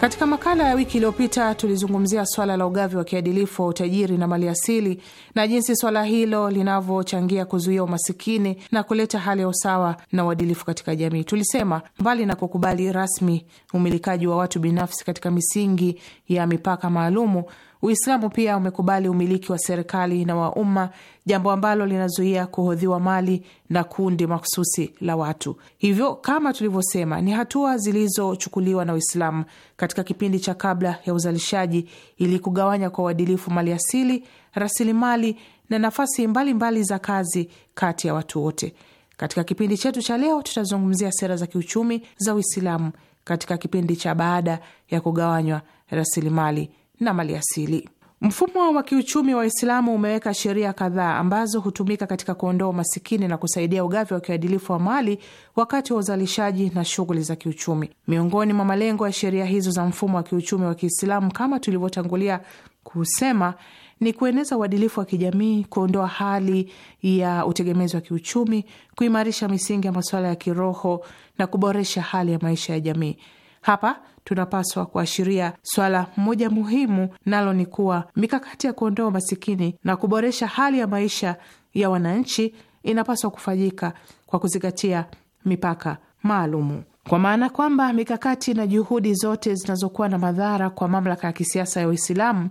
Katika makala ya wiki iliyopita tulizungumzia swala la ugavi wa kiadilifu wa utajiri na maliasili na jinsi swala hilo linavyochangia kuzuia umasikini na kuleta hali ya usawa na uadilifu katika jamii. Tulisema mbali na kukubali rasmi umilikaji wa watu binafsi katika misingi ya mipaka maalumu, Uislamu pia umekubali umiliki wa serikali na wa umma, jambo ambalo linazuia kuhodhiwa mali na kundi mahususi la watu. Hivyo kama tulivyosema, ni hatua zilizochukuliwa na Uislamu katika kipindi cha kabla ya uzalishaji ili kugawanya kwa uadilifu mali asili, rasilimali na nafasi mbalimbali mbali za kazi kati ya watu wote. Katika kipindi chetu cha leo, tutazungumzia sera za kiuchumi za Uislamu katika kipindi cha baada ya kugawanywa rasilimali na maliasili. Mfumo wa kiuchumi wa Waislamu umeweka sheria kadhaa ambazo hutumika katika kuondoa umasikini na kusaidia ugavi wa kiadilifu wa mali wakati wa uzalishaji na shughuli za kiuchumi. Miongoni mwa malengo ya sheria hizo za mfumo wa kiuchumi wa Kiislamu, kama tulivyotangulia kusema, ni kueneza uadilifu wa kijamii, kuondoa hali ya utegemezi wa kiuchumi, kuimarisha misingi ya masuala ya kiroho na kuboresha hali ya maisha ya jamii. Hapa tunapaswa kuashiria swala moja muhimu, nalo ni kuwa mikakati ya kuondoa umasikini na kuboresha hali ya maisha ya wananchi inapaswa kufanyika kwa kuzingatia mipaka maalumu kwa maana kwamba mikakati na juhudi zote zinazokuwa na madhara kwa mamlaka ya kisiasa ya Uislamu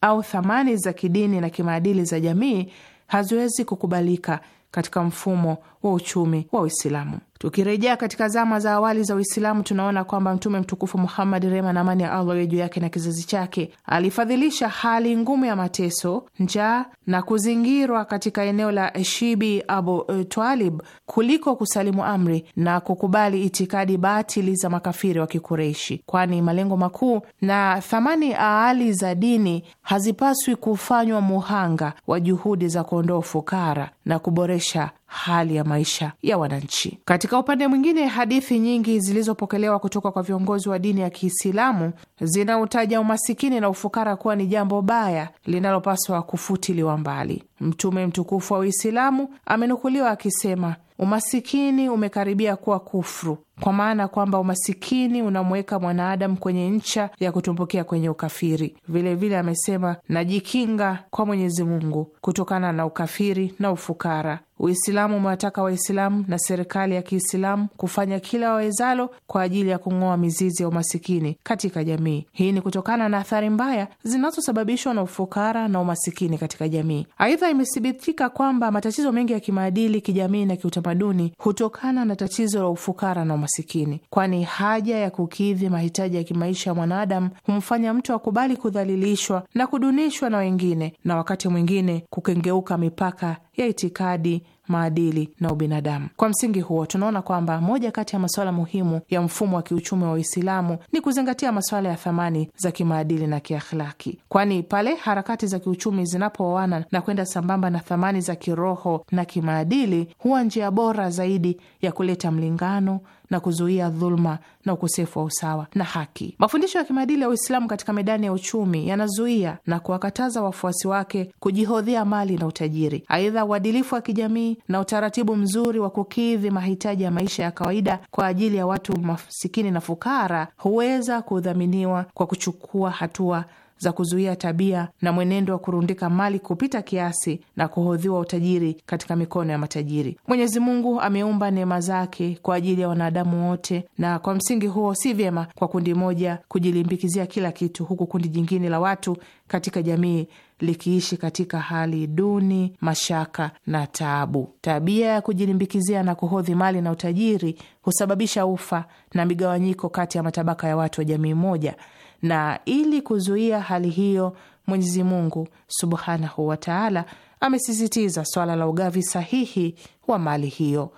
au thamani za kidini na kimaadili za jamii haziwezi kukubalika katika mfumo wa uchumi wa Uislamu. Tukirejea katika zama za awali za Uislamu, tunaona kwamba Mtume mtukufu Muhammad, rehma na amani ya Allah iwe juu yake na kizazi chake, alifadhilisha hali ngumu ya mateso, njaa na kuzingirwa katika eneo la Shibi Abu Twalib kuliko kusalimu amri na kukubali itikadi batili za makafiri wa Kikureishi, kwani malengo makuu na thamani aali za dini hazipaswi kufanywa muhanga wa juhudi za kuondoa ufukara na kuboresha hali ya maisha ya wananchi. Katika upande mwingine, hadithi nyingi zilizopokelewa kutoka kwa viongozi wa dini ya Kiislamu zinautaja umasikini na ufukara kuwa ni jambo baya linalopaswa kufutiliwa mbali. Mtume mtukufu wa Uislamu amenukuliwa akisema, umasikini umekaribia kuwa kufru kwa maana kwamba umasikini unamweka mwanaadamu kwenye ncha ya kutumbukia kwenye ukafiri. Vilevile vile amesema, najikinga kwa Mwenyezi Mungu kutokana na ukafiri na ufukara. Uislamu umewataka Waislamu na serikali ya Kiislamu kufanya kila wawezalo kwa ajili ya kung'oa mizizi ya umasikini katika jamii. Hii ni kutokana na athari mbaya zinazosababishwa na ufukara na umasikini katika jamii. Aidha, imethibitika kwamba matatizo mengi ya kimaadili, kijamii na kiutamaduni hutokana na tatizo la ufukara na umasikini umasikini, kwani haja ya kukidhi mahitaji ya kimaisha ya mwanadamu humfanya mtu akubali kudhalilishwa na kudunishwa na wengine, na wakati mwingine kukengeuka mipaka ya itikadi, maadili na ubinadamu. Kwa msingi huo, tunaona kwamba moja kati ya masuala muhimu ya mfumo wa kiuchumi wa Uislamu ni kuzingatia masuala ya thamani za kimaadili na kiakhlaki, kwani pale harakati za kiuchumi zinapooana na kwenda sambamba na thamani za kiroho na kimaadili, huwa njia bora zaidi ya kuleta mlingano na kuzuia dhuluma na ukosefu wa usawa na haki. Mafundisho ya kimaadili ya Uislamu katika medani ya uchumi yanazuia na kuwakataza wafuasi wake kujihodhia mali na utajiri. Aidha, uadilifu wa kijamii na utaratibu mzuri wa kukidhi mahitaji ya maisha ya kawaida kwa ajili ya watu masikini na fukara huweza kudhaminiwa kwa kuchukua hatua za kuzuia tabia na mwenendo wa kurundika mali kupita kiasi na kuhodhiwa utajiri katika mikono ya matajiri. Mwenyezi Mungu ameumba neema zake kwa ajili ya wanadamu wote, na kwa msingi huo si vyema kwa kundi moja kujilimbikizia kila kitu, huku kundi jingine la watu katika jamii likiishi katika hali duni, mashaka na taabu. Tabia ya kujilimbikizia na kuhodhi mali na utajiri husababisha ufa na migawanyiko kati ya matabaka ya watu wa jamii moja, na ili kuzuia hali hiyo, Mwenyezi Mungu subhanahu wataala amesisitiza swala la ugavi sahihi wa mali hiyo.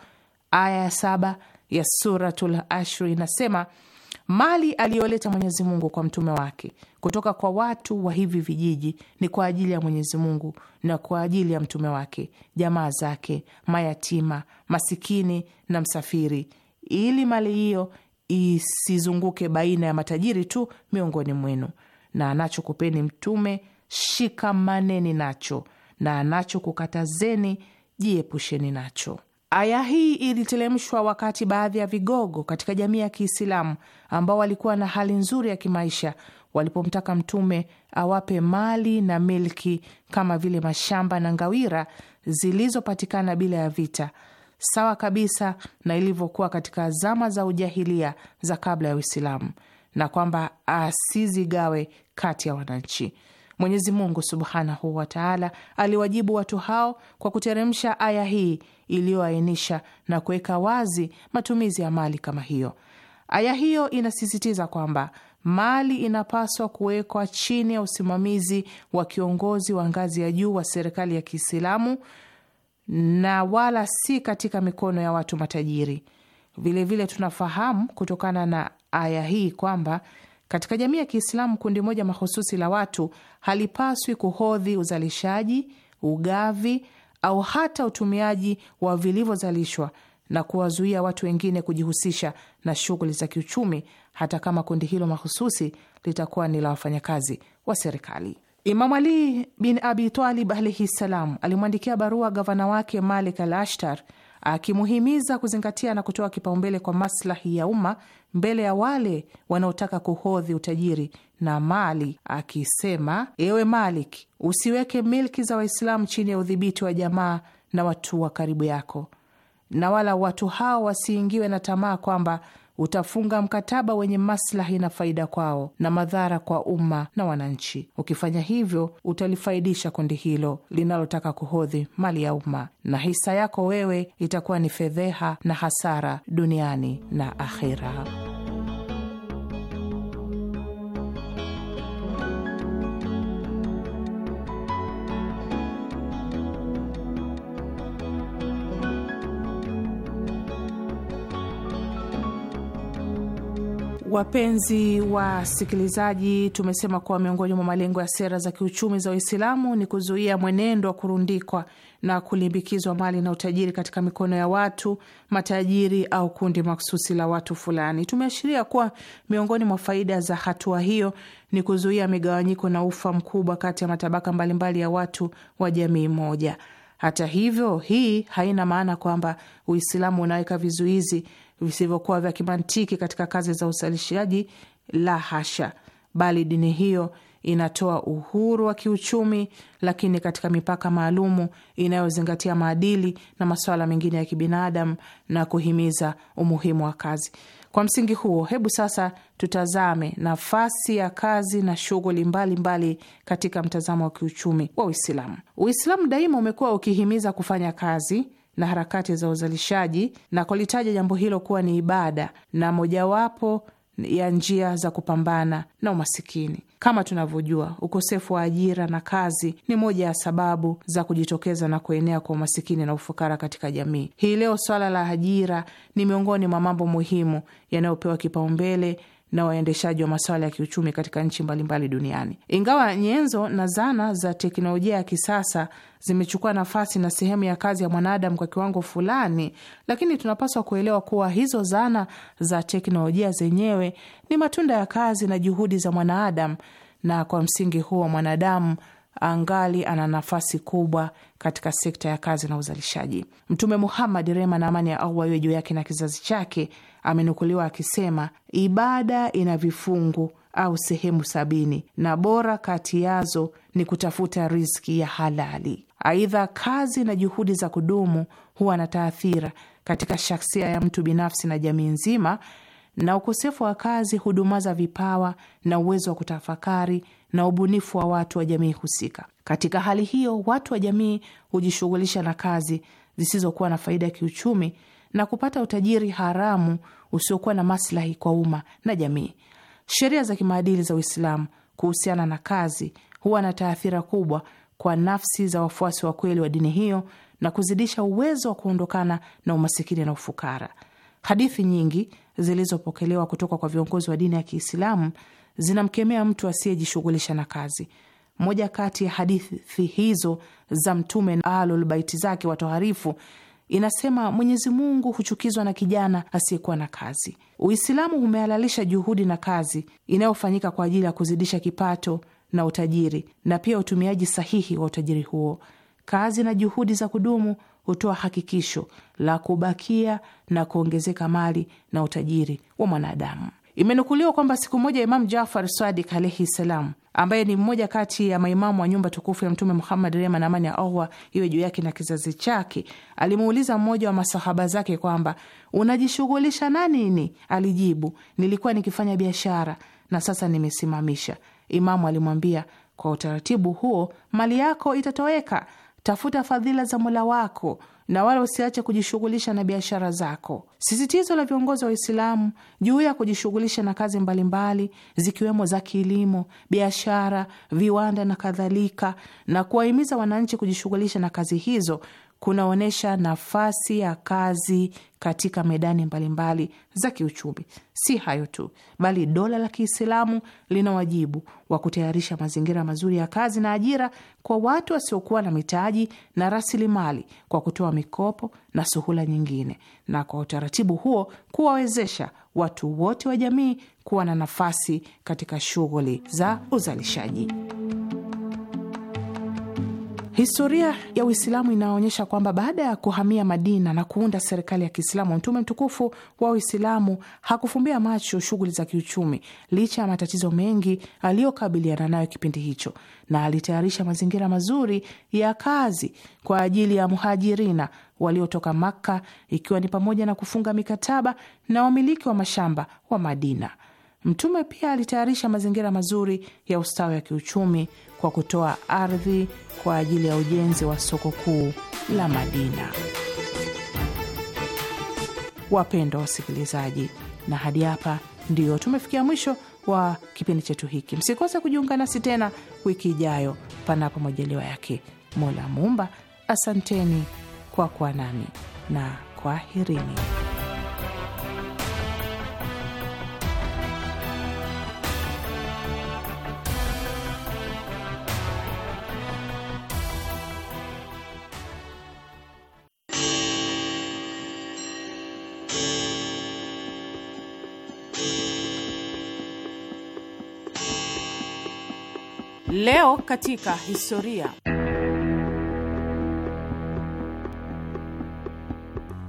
Aya ya saba ya Suratul Ashri inasema Mali aliyoleta Mwenyezi Mungu kwa mtume wake kutoka kwa watu wa hivi vijiji ni kwa ajili ya Mwenyezi Mungu na kwa ajili ya mtume wake, jamaa zake, mayatima, masikini na msafiri, ili mali hiyo isizunguke baina ya matajiri tu miongoni mwenu. Na anachokupeni mtume shikamaneni nacho, na anachokukatazeni jiepusheni nacho. Aya hii ilitelemshwa wakati baadhi ya vigogo katika jamii ya Kiislamu ambao walikuwa na hali nzuri ya kimaisha walipomtaka Mtume awape mali na milki kama vile mashamba na ngawira zilizopatikana bila ya vita, sawa kabisa na ilivyokuwa katika zama za ujahilia za kabla ya Uislamu, na kwamba asizigawe kati ya wananchi. Mwenyezi Mungu subhanahu wataala aliwajibu watu hao kwa kuteremsha aya hii iliyoainisha na kuweka wazi matumizi ya mali kama hiyo. Aya hiyo inasisitiza kwamba mali inapaswa kuwekwa chini ya usimamizi wa kiongozi wa ngazi ya juu wa serikali ya Kiislamu na wala si katika mikono ya watu matajiri. Vilevile vile tunafahamu kutokana na aya hii kwamba katika jamii ya Kiislamu kundi moja mahususi la watu halipaswi kuhodhi uzalishaji, ugavi au hata utumiaji wa vilivyozalishwa na kuwazuia watu wengine kujihusisha na shughuli za kiuchumi hata kama kundi hilo mahususi litakuwa ni la wafanyakazi wa serikali. Imamu Ali bin Abi Talib alaihi ssalam alimwandikia barua gavana wake Malik al Ashtar akimuhimiza kuzingatia na kutoa kipaumbele kwa maslahi ya umma mbele ya wale wanaotaka kuhodhi utajiri na Mali akisema, ewe malik usiweke milki za Waislamu chini ya udhibiti wa jamaa na watu wa karibu yako, na wala watu hao wasiingiwe na tamaa kwamba utafunga mkataba wenye maslahi na faida kwao na madhara kwa umma na wananchi. Ukifanya hivyo, utalifaidisha kundi hilo linalotaka kuhodhi mali ya umma, na hisa yako wewe itakuwa ni fedheha na hasara duniani na akhira Wapenzi wasikilizaji, tumesema kuwa miongoni mwa malengo ya sera za kiuchumi za Uislamu ni kuzuia mwenendo wa kurundikwa na kulimbikizwa mali na utajiri katika mikono ya watu matajiri au kundi maksusi la watu fulani. Tumeashiria kuwa miongoni mwa faida za hatua hiyo ni kuzuia migawanyiko na ufa mkubwa kati ya matabaka mbalimbali ya watu wa jamii moja. Hata hivyo, hii haina maana kwamba Uislamu unaweka vizuizi visivyokuwa vya kimantiki katika kazi za uzalishaji, la hasha, bali dini hiyo inatoa uhuru wa kiuchumi, lakini katika mipaka maalumu inayozingatia maadili na masuala mengine ya kibinadamu na kuhimiza umuhimu wa kazi. Kwa msingi huo, hebu sasa tutazame nafasi ya kazi na shughuli mbalimbali katika mtazamo wa kiuchumi wa Uislamu. Uislamu daima umekuwa ukihimiza kufanya kazi na harakati za uzalishaji na kulitaja jambo hilo kuwa ni ibada na mojawapo ya njia za kupambana na umasikini. Kama tunavyojua, ukosefu wa ajira na kazi ni moja ya sababu za kujitokeza na kuenea kwa umasikini na ufukara katika jamii hii leo. Swala la ajira ni miongoni mwa mambo muhimu yanayopewa kipaumbele na waendeshaji wa masuala ya kiuchumi katika nchi mbalimbali duniani. Ingawa nyenzo na zana za teknolojia ya kisasa zimechukua nafasi na sehemu ya kazi ya mwanadamu kwa kiwango fulani, lakini tunapaswa kuelewa kuwa hizo zana za teknolojia zenyewe ni matunda ya kazi na juhudi za mwanadamu, na kwa msingi huo mwanadamu angali ana nafasi kubwa katika sekta ya kazi na uzalishaji. Mtume Muhammad, rehma na amani ya Allah iwe juu yake na kizazi chake, amenukuliwa akisema, ibada ina vifungu au sehemu sabini na bora kati yazo ni kutafuta riziki ya halali. Aidha, kazi na juhudi za kudumu huwa na taathira katika shaksia ya mtu binafsi na jamii nzima, na ukosefu wa kazi hudumaza vipawa na uwezo wa kutafakari na ubunifu wa watu wa jamii husika. Katika hali hiyo, watu wa jamii hujishughulisha na kazi zisizokuwa na faida ya kiuchumi na kupata utajiri haramu usiokuwa na maslahi kwa umma na jamii. Sheria za kimaadili za Uislamu kuhusiana na kazi huwa na taathira kubwa kwa nafsi za wafuasi wa kweli wa dini hiyo na kuzidisha uwezo wa kuondokana na umasikini na ufukara. Hadithi nyingi zilizopokelewa kutoka kwa viongozi wa dini ya Kiislamu zinamkemea mtu asiyejishughulisha na kazi. Moja kati ya hadithi hizo za Mtume na Ahlulbaiti zake watoharifu inasema Mwenyezi Mungu huchukizwa na kijana asiyekuwa na kazi. Uislamu umehalalisha juhudi na kazi inayofanyika kwa ajili ya kuzidisha kipato na utajiri na pia utumiaji sahihi wa utajiri huo. Kazi na juhudi za kudumu hutoa hakikisho la kubakia na kuongezeka mali na utajiri wa mwanadamu. Imenukuliwa kwamba siku moja Imamu Jafar Sadik alaihi ssalam ambaye ni mmoja kati ya maimamu wa nyumba tukufu ya Mtume Muhammad, rehma na amani ya Allah iwe juu yake na kizazi chake, alimuuliza mmoja wa masahaba zake kwamba unajishughulisha na nini? Alijibu, nilikuwa nikifanya biashara na sasa nimesimamisha. Imamu alimwambia, kwa utaratibu huo mali yako itatoweka, tafuta fadhila za Mola wako na wala usiache kujishughulisha na biashara zako. Sisitizo la viongozi wa Waislamu juu ya kujishughulisha na kazi mbalimbali zikiwemo za kilimo, biashara, viwanda na kadhalika, na kuwahimiza wananchi kujishughulisha na kazi hizo kunaonyesha nafasi ya kazi katika medani mbalimbali za kiuchumi. Si hayo tu, bali dola la Kiislamu lina wajibu wa kutayarisha mazingira mazuri ya kazi na ajira kwa watu wasiokuwa na mitaji na rasilimali kwa kutoa mikopo na suhula nyingine, na kwa utaratibu huo kuwawezesha watu wote wa jamii kuwa na nafasi katika shughuli za uzalishaji. Historia ya Uislamu inaonyesha kwamba baada ya kuhamia Madina na kuunda serikali ya Kiislamu, mtume mtukufu wa Uislamu hakufumbia macho shughuli za kiuchumi licha ya matatizo mengi aliyokabiliana nayo kipindi hicho, na alitayarisha mazingira mazuri ya kazi kwa ajili ya muhajirina waliotoka Makka, ikiwa ni pamoja na kufunga mikataba na wamiliki wa mashamba wa Madina. Mtume pia alitayarisha mazingira mazuri ya ustawi wa kiuchumi kwa kutoa ardhi kwa ajili ya ujenzi wa soko kuu la Madina. Wapendwa wasikilizaji, na hadi hapa ndio tumefikia mwisho wa kipindi chetu hiki. Msikose kujiunga nasi tena wiki ijayo, panapo majaliwa yake Mola Mumba. Asanteni kwa kuwa nami na kwaherini. Leo katika historia.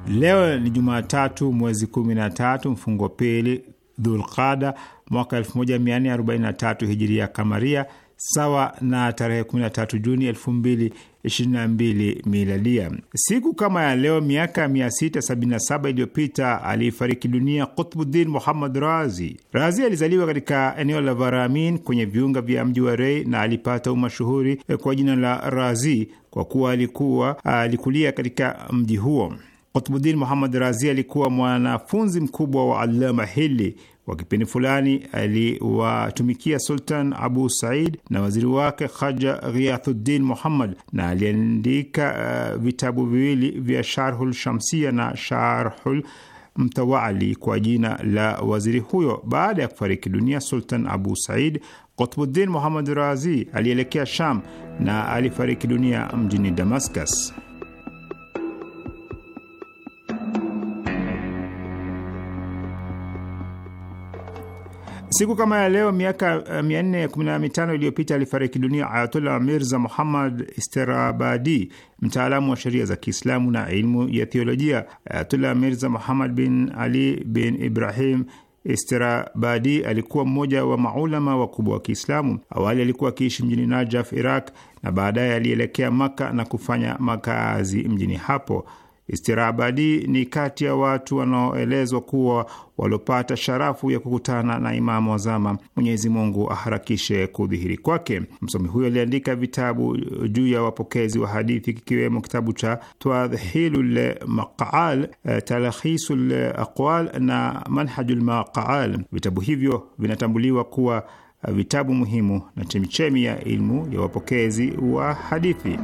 Leo ni Jumatatu, mwezi 13 mfungo pili Dhulqada mwaka 1443 hijiria kamaria, sawa na tarehe 13 Juni 2000 22 miladia. Siku kama ya leo miaka 677 iliyopita alifariki dunia Qutbuddin Muhammad Razi. Razi alizaliwa katika eneo la Varamin kwenye viunga vya mji wa Rei na alipata umashuhuri eh, kwa jina la Razi kwa kuwa alikuwa ah, alikulia katika mji huo. Qutbuddin Muhammad Razi alikuwa mwanafunzi mkubwa wa Allama Hili kwa kipindi fulani aliwatumikia Sultan Abu Said na waziri wake Haja Ghiathuddin Muhammad, na aliandika uh, vitabu viwili vya Sharhul Shamsia na Sharhul Mtawali kwa jina la waziri huyo. Baada ya kufariki dunia Sultan Abu Said, Qutbuddin Muhammad Razi alielekea Sham na alifariki dunia mjini Damascus. Siku kama ya leo miaka 415 eh, iliyopita alifariki dunia Ayatullah Mirza Muhammad Isterabadi, mtaalamu wa sheria za Kiislamu na ilmu ya theolojia. Ayatullah Mirza Muhammad bin Ali bin Ibrahim Isterabadi alikuwa mmoja wa maulama wakubwa wa Kiislamu. Awali alikuwa akiishi mjini Najaf, Iraq, na baadaye alielekea makka na kufanya makazi mjini hapo. Istirabadi ni kati ya watu wanaoelezwa kuwa waliopata sharafu ya kukutana na Imamu wazama Mwenyezi Mungu aharakishe kudhihiri kwake. Msomi huyo aliandika vitabu juu ya wapokezi wa hadithi kikiwemo kitabu cha Twadhhilul Maqaal, Talkhisul Aqwal na Manhaju Maqaal. Vitabu hivyo vinatambuliwa kuwa vitabu muhimu na chemichemi ya ilmu ya wapokezi wa hadithi.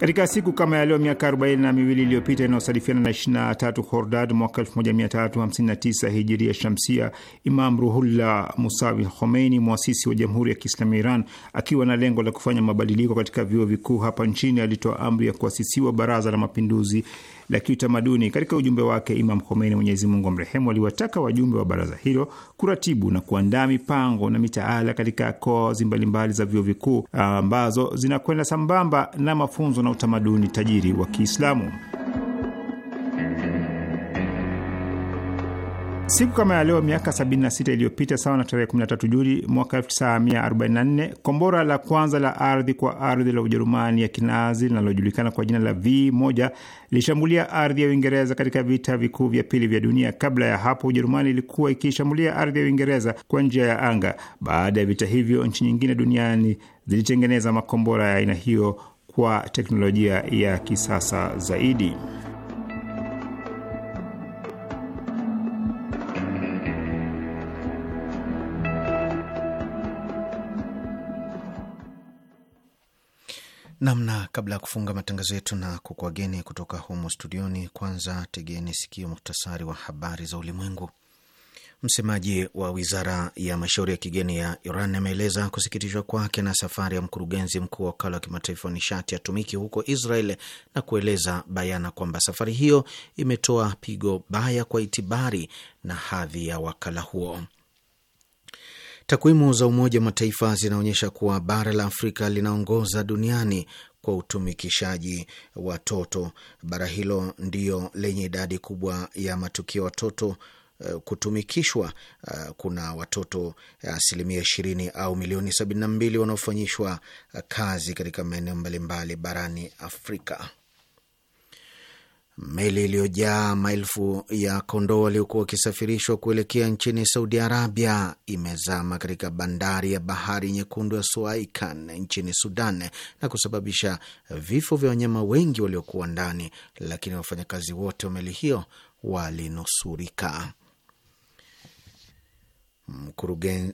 Katika siku kama ya leo miaka arobaini na miwili iliyopita inayosadifiana na 23 Hordad mwaka 1359 hijiria shamsia, Imam Ruhullah Musawi Khomeini, mwasisi wa Jamhuri ya Kiislamu Iran, akiwa na lengo la kufanya mabadiliko katika vyuo vikuu hapa nchini, alitoa amri ya kuasisiwa Baraza la Mapinduzi la kiutamaduni. Katika ujumbe wake, Imam Khomeini, Mwenyezi Mungu amrehemu, aliwataka wajumbe wa baraza hilo kuratibu na kuandaa mipango na mitaala katika kozi mbalimbali za vyuo vikuu ambazo zinakwenda sambamba na mafunzo na utamaduni tajiri wa Kiislamu. Siku kama ya leo miaka 76 iliyopita, sawa na tarehe 13 Juli mwaka 1944, kombora la kwanza la ardhi kwa ardhi la Ujerumani ya Kinazi linalojulikana kwa jina la V1 lilishambulia ardhi ya Uingereza katika vita vikuu vya pili vya dunia. Kabla ya hapo, Ujerumani ilikuwa ikishambulia ardhi ya Uingereza kwa njia ya anga. Baada ya vita hivyo, nchi nyingine duniani zilitengeneza makombora ya aina hiyo kwa teknolojia ya kisasa zaidi. namna. Kabla ya kufunga matangazo yetu na kukuageni kutoka humo studioni, kwanza tegeni sikio muhtasari wa habari za ulimwengu. Msemaji wa wizara ya mashauri ya kigeni ya Iran ameeleza kusikitishwa kwake na safari ya mkurugenzi mkuu wa wakala wa kimataifa wa nishati atomiki huko Israel na kueleza bayana kwamba safari hiyo imetoa pigo baya kwa itibari na hadhi ya wakala huo. Takwimu za Umoja wa Mataifa zinaonyesha kuwa bara la Afrika linaongoza duniani kwa utumikishaji watoto. Bara hilo ndio lenye idadi kubwa ya matukio watoto eh, kutumikishwa. Eh, kuna watoto eh, asilimia ishirini au milioni sabini na mbili wanaofanyishwa kazi katika maeneo mbalimbali barani Afrika meli iliyojaa maelfu ya kondoo waliokuwa wakisafirishwa kuelekea nchini Saudi Arabia imezama katika bandari ya bahari nyekundu ya Suaikan nchini Sudan na kusababisha vifo vya wanyama wengi waliokuwa ndani, lakini wafanyakazi wote wa meli hiyo walinusurika.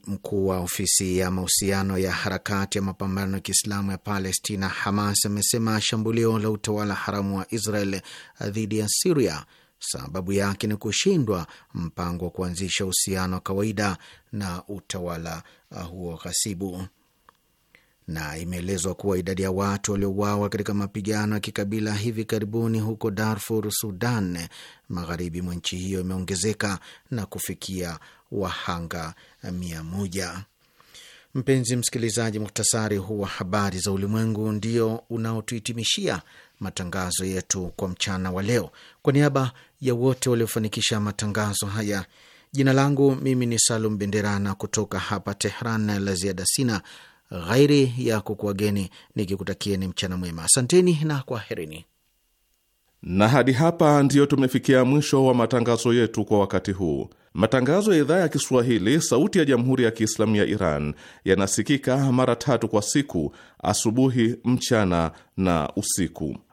Mkuu wa ofisi ya mahusiano ya harakati ya mapambano ya Kiislamu ya Palestina, Hamas, amesema shambulio la utawala haramu wa Israel dhidi ya Siria sababu yake ni kushindwa mpango wa kuanzisha uhusiano wa kawaida na utawala huo ghasibu na imeelezwa kuwa idadi ya watu waliouawa katika mapigano ya kikabila hivi karibuni huko Darfur, Sudan, magharibi mwa nchi hiyo imeongezeka na kufikia wahanga mia moja. Mpenzi msikilizaji, muktasari huu wa habari za ulimwengu ndio unaotuhitimishia matangazo yetu kwa mchana wa leo. Kwa niaba ya wote waliofanikisha matangazo haya, jina langu mimi ni Salum Benderana kutoka hapa Tehran, la ziada sina ghairi ya kukuwageni nikikutakieni mchana mwema. Asanteni na kwaherini. Na hadi hapa ndiyo tumefikia mwisho wa matangazo yetu kwa wakati huu. Matangazo ya idhaa ya Kiswahili sauti ya jamhuri ya Kiislamu ya Iran yanasikika mara tatu kwa siku: asubuhi, mchana na usiku.